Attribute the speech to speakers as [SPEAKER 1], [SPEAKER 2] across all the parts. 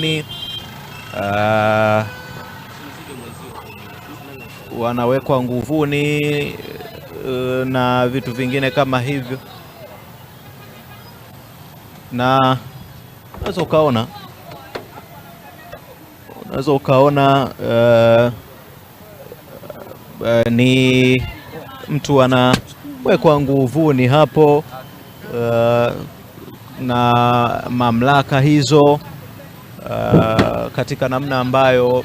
[SPEAKER 1] Ni, uh, wanawekwa nguvuni uh, na vitu vingine kama hivyo, na unaweza ukaona unaweza ukaona uh, uh, ni mtu anawekwa nguvuni hapo uh, na mamlaka hizo uh, katika namna ambayo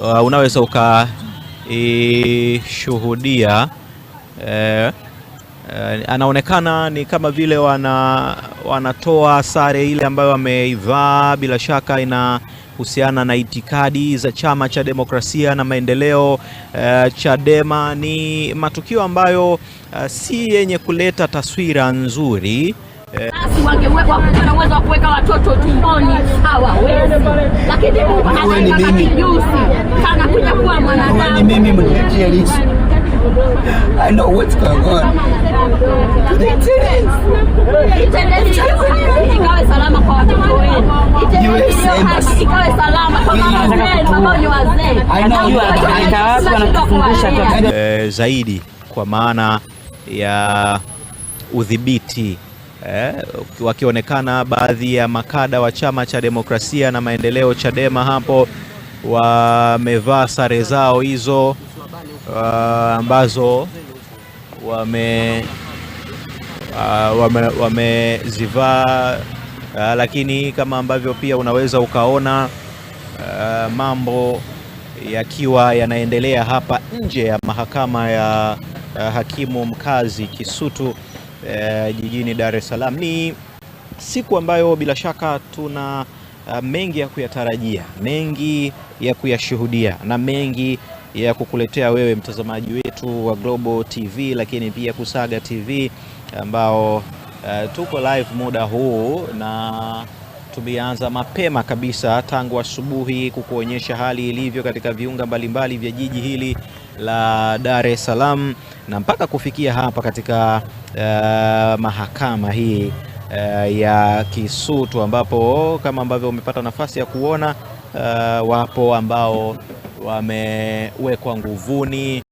[SPEAKER 1] uh, unaweza ukaishuhudia uh, Uh, anaonekana ni kama vile wana, wanatoa sare ile ambayo wameivaa, bila shaka inahusiana na itikadi za Chama cha Demokrasia na Maendeleo uh, Chadema. Ni matukio ambayo uh, si yenye kuleta taswira nzuri.
[SPEAKER 2] Basi wa kuweka watoto tumboni, hawawezi. Lakini Mungu anaingia kijusi sana kuja kuwa
[SPEAKER 3] mwanadamu. I know what's going on.
[SPEAKER 1] Eh, zaidi kwa maana ya udhibiti eh, wakionekana baadhi ya makada wa Chama cha Demokrasia na Maendeleo Chadema hapo wamevaa sare zao hizo uh, ambazo wame uh, wamezivaa wame uh, lakini kama ambavyo pia unaweza ukaona uh, mambo yakiwa yanaendelea hapa nje ya mahakama ya uh, hakimu mkazi Kisutu uh, jijini Dar es Salaam. Ni siku ambayo bila shaka tuna uh, mengi ya kuyatarajia, mengi ya kuyashuhudia na mengi ya kukuletea wewe mtazamaji wetu wa Global TV, lakini pia Kusaga TV ambao uh, tuko live muda huu na tumeanza mapema kabisa tangu asubuhi kukuonyesha hali ilivyo katika viunga mbalimbali vya jiji hili la Dar es Salaam na mpaka kufikia hapa katika uh, mahakama hii uh, ya Kisutu ambapo kama ambavyo umepata nafasi ya kuona uh, wapo ambao wamewekwa nguvuni,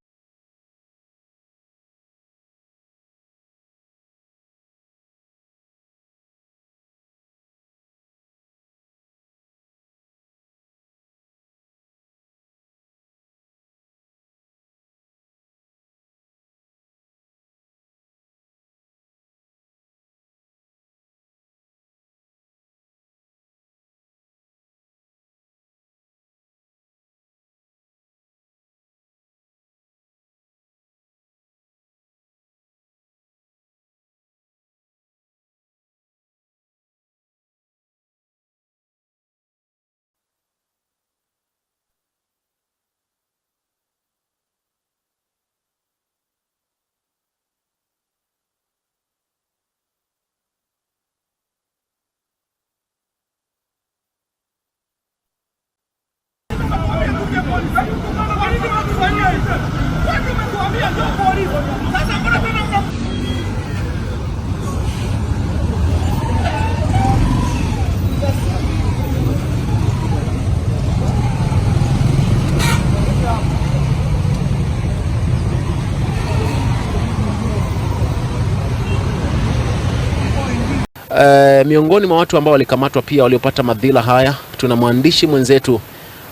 [SPEAKER 1] Uh, miongoni mwa watu ambao walikamatwa pia waliopata madhila haya, tuna mwandishi mwenzetu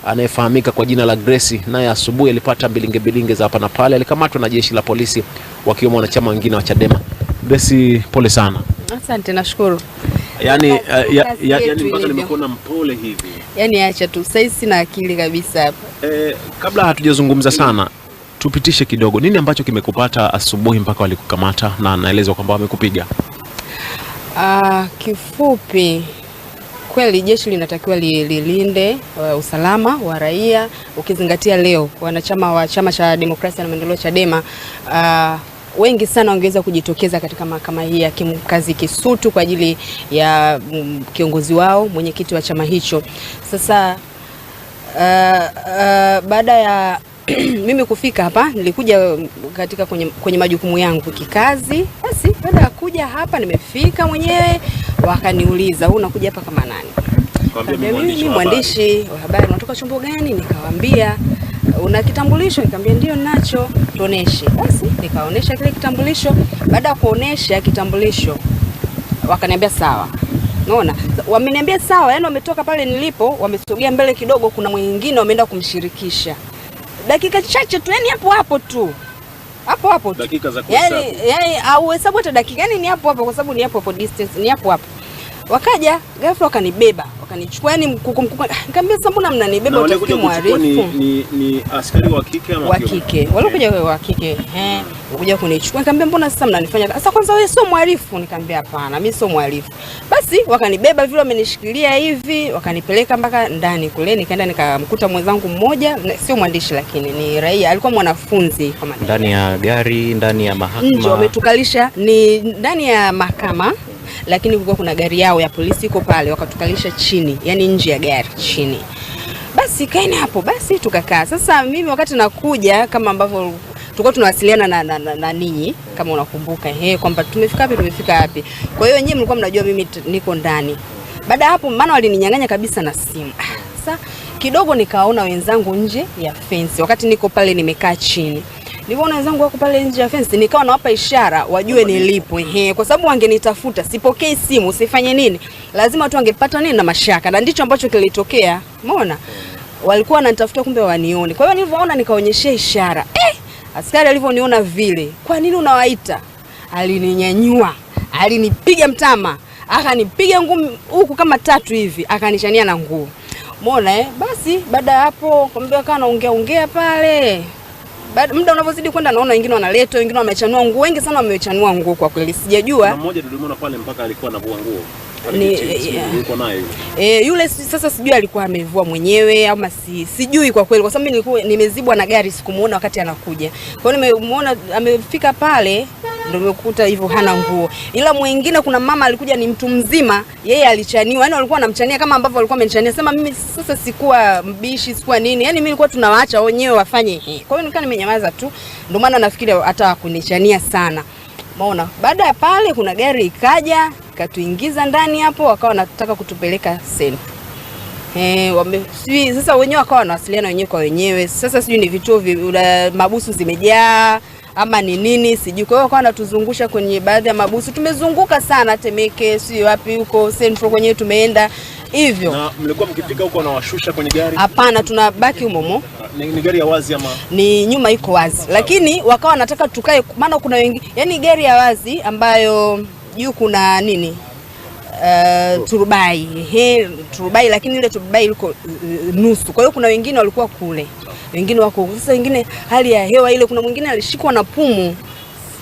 [SPEAKER 1] anayefahamika kwa jina la Grace naye asubuhi alipata bilinge bilinge za hapa na pale, alikamatwa na jeshi la polisi wakiwemo wanachama wengine wa Chadema. Grace, pole sana.
[SPEAKER 4] Asante, nashukuru.
[SPEAKER 1] Yaani eh, yaani mpaka nimekuona
[SPEAKER 4] mpole hivi. Yaani acha tu, sasa sina akili kabisa hapa.
[SPEAKER 1] Eh, kabla hatujazungumza sana tupitishe kidogo, nini ambacho kimekupata asubuhi mpaka walikukamata na naelezwa kwamba wamekupiga?
[SPEAKER 4] Uh, kifupi kweli jeshi linatakiwa lilinde uh, usalama wa raia, ukizingatia leo wanachama wa chama cha demokrasia na maendeleo Chadema uh, wengi sana wangeweza kujitokeza katika mahakama hii ya kimkazi Kisutu kwa ajili ya mm, kiongozi wao mwenyekiti wa chama hicho. Sasa uh, uh, baada ya mimi kufika hapa nilikuja katika kwenye, kwenye majukumu yangu kikazi. Basi baada ya kuja hapa nimefika mwenyewe wakaniuliza wewe unakuja hapa kama nani? Nikamwambia mimi mwandishi wa habari. Unatoka chombo gani? Nikawaambia una kitambulisho? Nikamwambia ndio ninacho, tuoneshe. Basi nikaonesha kile kitambulisho. Baada ya kuonesha kitambulisho, wakaniambia sawa. Unaona, wameniambia sawa, yani wametoka pale nilipo, wamesogea mbele kidogo, kuna mwingine wameenda kumshirikisha. Dakika chache tu, yani hapo hapo tu hapo hapo tu, yani yaani, au hesabu hata dakika, yani ni hapo hapo, kwa sababu ni hapo hapo, distance ni hapo hapo. Wakaja ghafla wakanibeba akanichukueni mkukumkuku, nikamwambia sasa, mbona mnanibeba?
[SPEAKER 1] Utafikiri mwarifu ni, ni askari wa kike ama
[SPEAKER 4] wa kike, walikuja eh. wa kike eh, kuja kunichukua. Nikamwambia mbona sasa mnanifanya sasa, kwanza wewe sio mwarifu. Nikamwambia hapana, mimi sio mwarifu. Basi wakanibeba vile, wamenishikilia hivi, wakanipeleka mpaka ndani kule. Nikaenda nikamkuta mwenzangu mmoja, sio mwandishi, lakini ni raia, alikuwa mwanafunzi kama
[SPEAKER 1] ndani ya gari, ndani ya mahakama,
[SPEAKER 4] ndio wametukalisha ni ndani ya mahakama lakini kulikuwa kuna gari yao ya polisi iko pale, wakatukalisha chini, yani nje ya gari chini. Basi kaeni hapo, basi tukakaa. Sasa mimi wakati nakuja, kama ambavyo tulikuwa tunawasiliana na, na, na, na ninyi kama unakumbuka ehe, kwamba tumefika wapi, tumefika wapi. Kwa hiyo nyinyi mlikuwa mnajua mimi niko ndani. Baada hapo, maana walininyang'anya kabisa na simu. Ah, sasa kidogo nikaona wenzangu nje ya fence, wakati niko pale nimekaa chini niliona wenzangu wako pale nje ya fence, nikawa nawapa ishara wajue nilipo, ehe, kwa sababu wangenitafuta, sipokei simu, sifanye nini, lazima tu wangepata nini na mashaka, na ndicho ambacho kilitokea. Umeona, walikuwa wananitafuta, kumbe wanione. Kwa hiyo nilivyoona, nikaonyeshia ishara eh. Askari alivyoniona vile, kwa nini unawaita? Alininyanyua, alinipiga mtama, akanipiga ngumi huku kama tatu hivi, akanishania na nguo. Umeona eh? Basi baada ya hapo, kumbe akawa naongea ongea pale baada muda unavyozidi kwenda, naona wengine wanaletwa, wengine wamechanua nguo, wengi sana wamechanua nguo kwa kweli, sijajua.
[SPEAKER 1] Mmoja tulimuona pale mpaka alikuwa anavua nguo. Ni,
[SPEAKER 4] e, yule sasa sijui alikuwa amevua mwenyewe ama si, sijui kwa kweli, kwa sababu nilikuwa nimezibwa na gari, sikumuona wakati anakuja. Kwa hiyo nimemuona amefika pale ndio nimekuta hivyo hana nguo. Ila mwingine kuna mama alikuja ni mtu mzima, yeye alichaniwa. Yaani walikuwa wanamchania kama ambavyo walikuwa wamenichania. Sema mimi sasa sikuwa mbishi, sikuwa nini. Yaani mimi nilikuwa tunawaacha wenyewe wafanye. Kwa hiyo nilikuwa nimenyamaza tu. Ndio maana nafikiri hata kunichania sana. Maona baada ya pale kuna gari ikaja ikatuingiza ndani hapo, wakawa wanataka kutupeleka senta. Eh, wame, sasa wenyewe wakawa wanawasiliana wenyewe kwa wenyewe. Sasa sijui ni vituo vi, mabusu zimejaa ama ni nini sijui. Kwa hiyo wakawa wanatuzungusha kwenye baadhi ya mabusu, tumezunguka sana Temeke, si wapi huko Central kwenyewe tumeenda hivyo.
[SPEAKER 1] Na mlikuwa mkifika huko wanawashusha kwenye gari?
[SPEAKER 4] Hapana, tunabaki humomo.
[SPEAKER 1] Ah, ni, ni gari ya wazi ama
[SPEAKER 4] ni nyuma iko wazi, lakini wakawa wanataka tukae, maana kuna wengi, yani gari ya wazi ambayo juu kuna nini Uh, turubai he, turubai lakini ile turubai iliko uh, eh, eh, nusu. Kwa hiyo kuna wengine walikuwa kule wengine wako sasa, wengine hali ya hewa ile, kuna mwingine alishikwa na pumu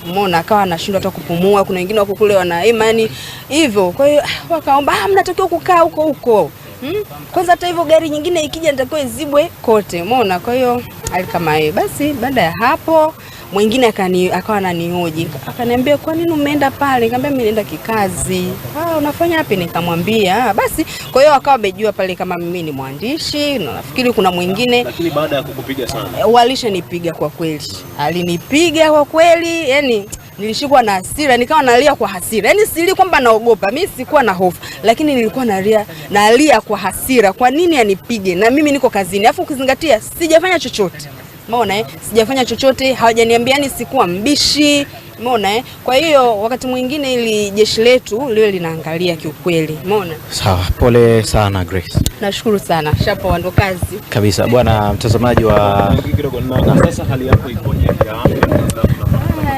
[SPEAKER 4] Umeona, akawa anashindwa hata kupumua. Kuna wengine wako kule wana imani hivyo, kwa hiyo ah, wakaomba, ah, mnatakiwa kukaa huko huko hmm? Kwanza hata hivyo gari nyingine ikija nitakuwa izibwe kote, umeona. Kwa hiyo hali kama hiyo, basi baada ya hapo mwingine akani akawa ananihoji akaniambia, kwa nini umeenda pale? Nikamwambia mimi nenda kikazi. Ah, unafanya wapi? Nikamwambia ah, basi. Kwa hiyo akawa amejua pale kama mimi ni mwandishi na nafikiri kuna mwingine,
[SPEAKER 1] lakini baada ya kukupiga sana,
[SPEAKER 4] eh, walishanipiga kwa kweli, alinipiga kwa kweli, yani nilishikwa na hasira, nikawa nalia kwa hasira. Yaani sili kwamba naogopa, mimi sikuwa na hofu, lakini nilikuwa nalia, nalia kwa hasira. Kwa nini anipige na mimi niko kazini? Afu ukizingatia sijafanya chochote umeona eh? Sijafanya chochote, hawajaniambia ni yaani sikuwa mbishi umeona eh? Kwa hiyo wakati mwingine ili jeshi letu liwe linaangalia kiukweli,
[SPEAKER 1] umeona. Sawa, pole sana Grace.
[SPEAKER 4] Nashukuru sana shapo, ndo kazi
[SPEAKER 1] kabisa bwana mtazamaji wa na ah, sasa hali yako
[SPEAKER 4] ikoje?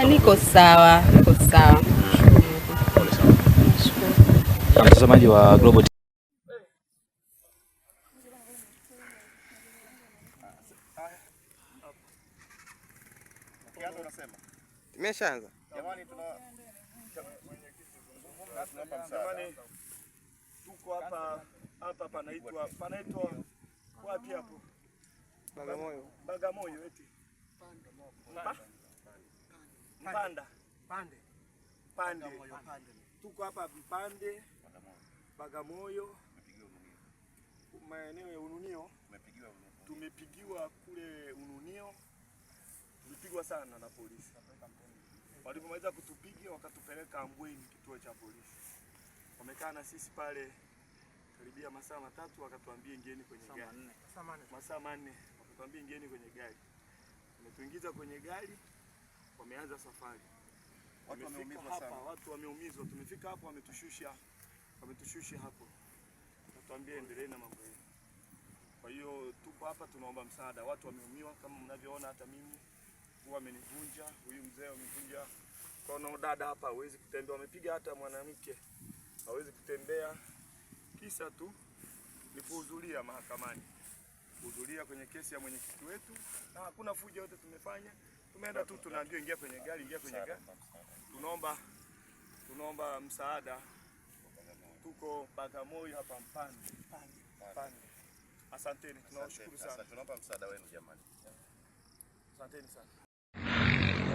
[SPEAKER 4] Niko sawa, niko sawa.
[SPEAKER 1] Mtazamaji wa Global imeshaanza. jamani, tuna tuko hapa hapa, panaitwa panaitwa wapi hapo? Bagamoyo, Bagamoyo eti Mpanda, Pande, Pande, tuko hapa Mpande, Bagamoyo, maeneo ya Ununio. Tumepigiwa kule Ununio tulipigwa sana na polisi. Walipomaliza kutupiga wakatupeleka Ambweni kituo cha polisi, wamekaa na sisi pale karibia masaa matatu, wakatuambia ingieni kwenye gari, masaa manne, wakatuambia ingieni kwenye gari, wametuingiza kwenye gari, wameanza safari. watu wameumizwa, tumefika hapo wametushusha, wametushusha hapo, wakatuambia endelee na mambo yenu. Kwa hiyo tupo hapa tunaomba msaada, watu wameumiwa kama mnavyoona, hata mimi huwa amenivunja huyu mzee, amevunja mkono Dada hapa hawezi kutembea, wamepiga hata mwanamke hawezi kutembea, kisa tu ni kuhudhuria mahakamani, kuhudhuria kwenye kesi ya mwenyekiti wetu, na hakuna fujo yote tumefanya, tumeenda tu tunaambiwa ingia kwenye gari, ingia kwenye gari. Tunaomba tunaomba msaada, tuko Bagamoyo hapa Mpande. Asanteni, tunawashukuru sana. Tunaomba msaada wenu jamani, asanteni sana.